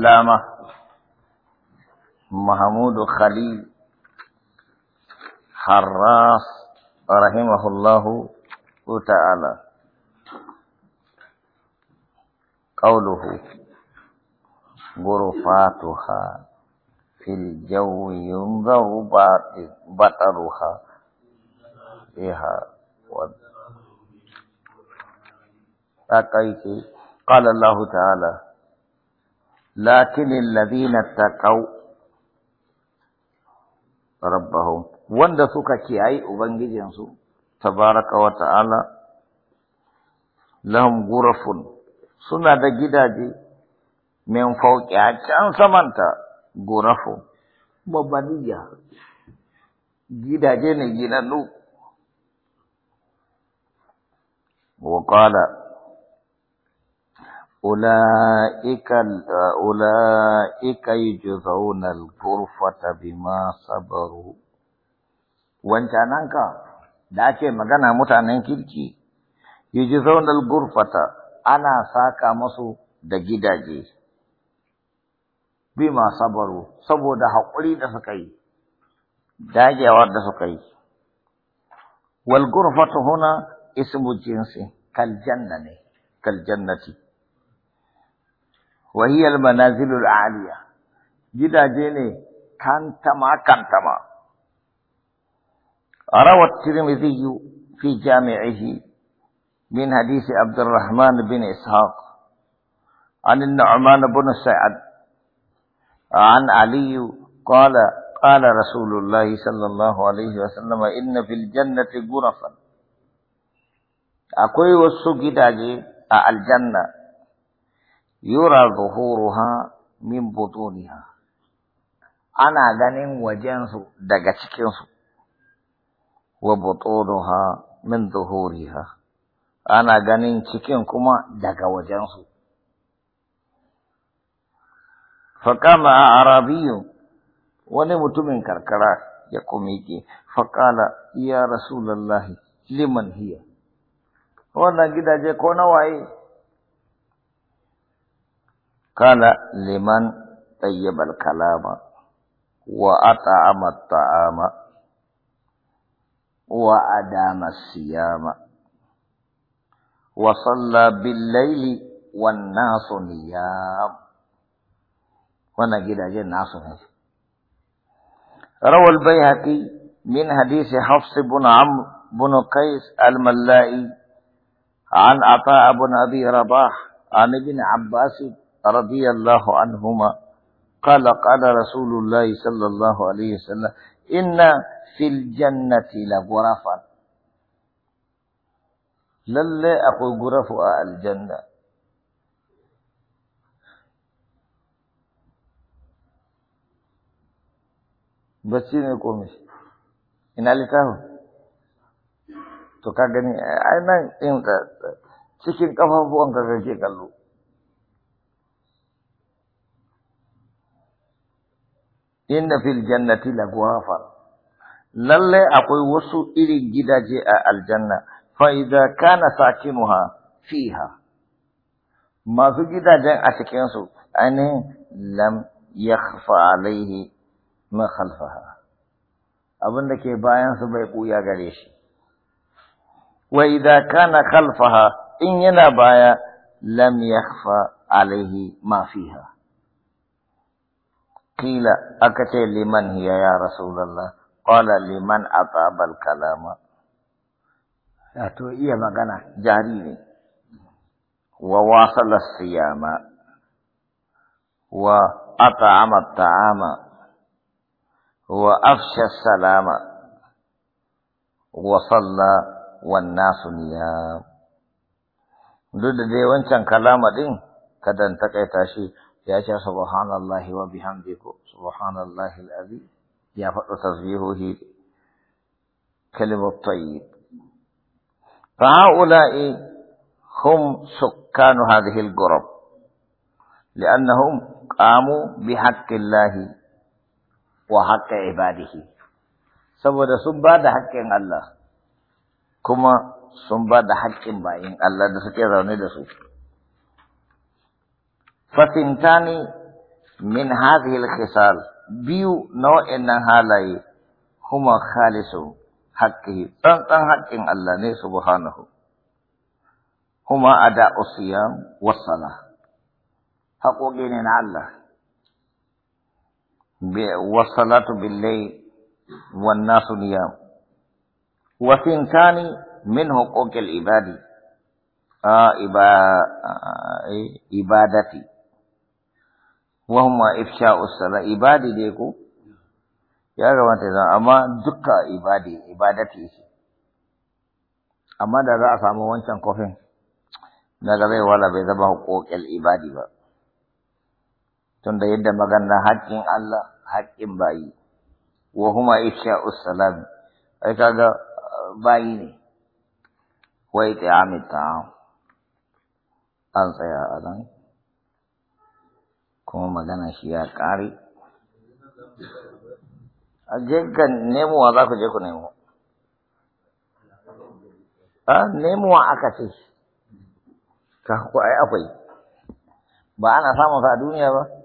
علامہ محمود خليل حراس رحمه الله تعالى قوله غرفاتها في الجو ينظر بطرها بها قال الله تعالى lakin alladhina taqaw wanda suka kiyaye ubangijinsu tabaraka wa ta'ala lahum ghurafun suna da gidaje min fauki a can samanta ghurafu babbaniya gidaje ne ginannu wa qala أولئك أولئك يجزون الغرفة بما صبروا wancananka da ake magana mutanen kirki ji zaunar gurfata ana saka masu da gidaje bima sabaru saboda haƙuri da suka yi dagewar da suka yi wal gurfatu huna ismu jinsi kal janna ne kal وهي المنازل العالية جدا جيني كانتما كانتما روى الترمذي في جامعه من حديث عبد الرحمن بن إسحاق عن النعمان بن سعد عن علي قال قال رسول الله صلى الله عليه وسلم إن في الجنة غرفا أكوي وسو جداجي الجنة yura ha min butuniha ana ganin wajensu daga cikinsu wa ha min zuhuriha ana ganin cikin kuma daga wajensu Faƙala a arabiyu wani mutumin karkara ya kumike faƙala ya rasulallahi liman hiya wannan gidaje ko na waye قال لمن طيب الكلام وأطعم الطعام وأدام الصيام وصلى بالليل والناس نيام وانا ونجد الناس ناس روى البيهقي من حديث حفص بن عمرو بن قيس الملائي عن عطاء بن أبي رباح عن ابن عباس رضي الله عنهما قال قال رسول الله صلى الله عليه وسلم إن في الجنة لغرفا للا أقول غرف آه الجنة بچی نے کو مش ina littafin to ka gani ai nan din cikin kafafuwan inna fil jannati lagwafar lalle akwai wasu irin gidaje a aljanna fa idza kana sakinuha fiha masu gidajen a cikin su ainihin lam yakhfa alaihi ma khalfaha abin da ke bayan su bai buya gare shi wa idza kana khalfaha in yana baya lam yakhfa alaihi ma fiha قيل أكتي لمن هي يا رسول الله قال لمن أطاب الكلام أتو إيه مغانا جاريني وواصل الصيام وأطعم الطعام وأفشى السلام وصلى والناس نيام دود دي dai كلام دين كدن تكيتاشي يا سبحان الله وبحمدك سبحان الله الأبي يا فضل تسبيحه كلمة طيب فهؤلاء هم سكان هذه القرب لأنهم قاموا بحق الله وحق عباده سبب سبا ده حق الله كما سبب ده حق باين الله ده روني ده فسنتاني من هذه الخصال بيو نو ان هالاي هما خالص حقه تنتن حق الله سبحانه هما أداء الصيام والصلاة حقوقين الله والصلاة بالليل والناس نيام وثنتان من حقوق العباد آه إبا آه, آه، إبادتي wahumma ifsha usala. ibadi dai ko ya gamata zan amma dukka ibadi ibadati ce amma da za a samu wancan kofin ga zai wala bai zama hukukin ibadi ba tunda yadda magana haƙƙin Allah haƙƙin bayi Wahuma huma usala. ai kaga uh, bayi ne Wai ta amita an tsaya a nan kuma magana shi ya ƙare a jirgan nemowa za ku je ku nemo a nemowa aka ce ka ku ai akwai ba ana samun sa a duniya ba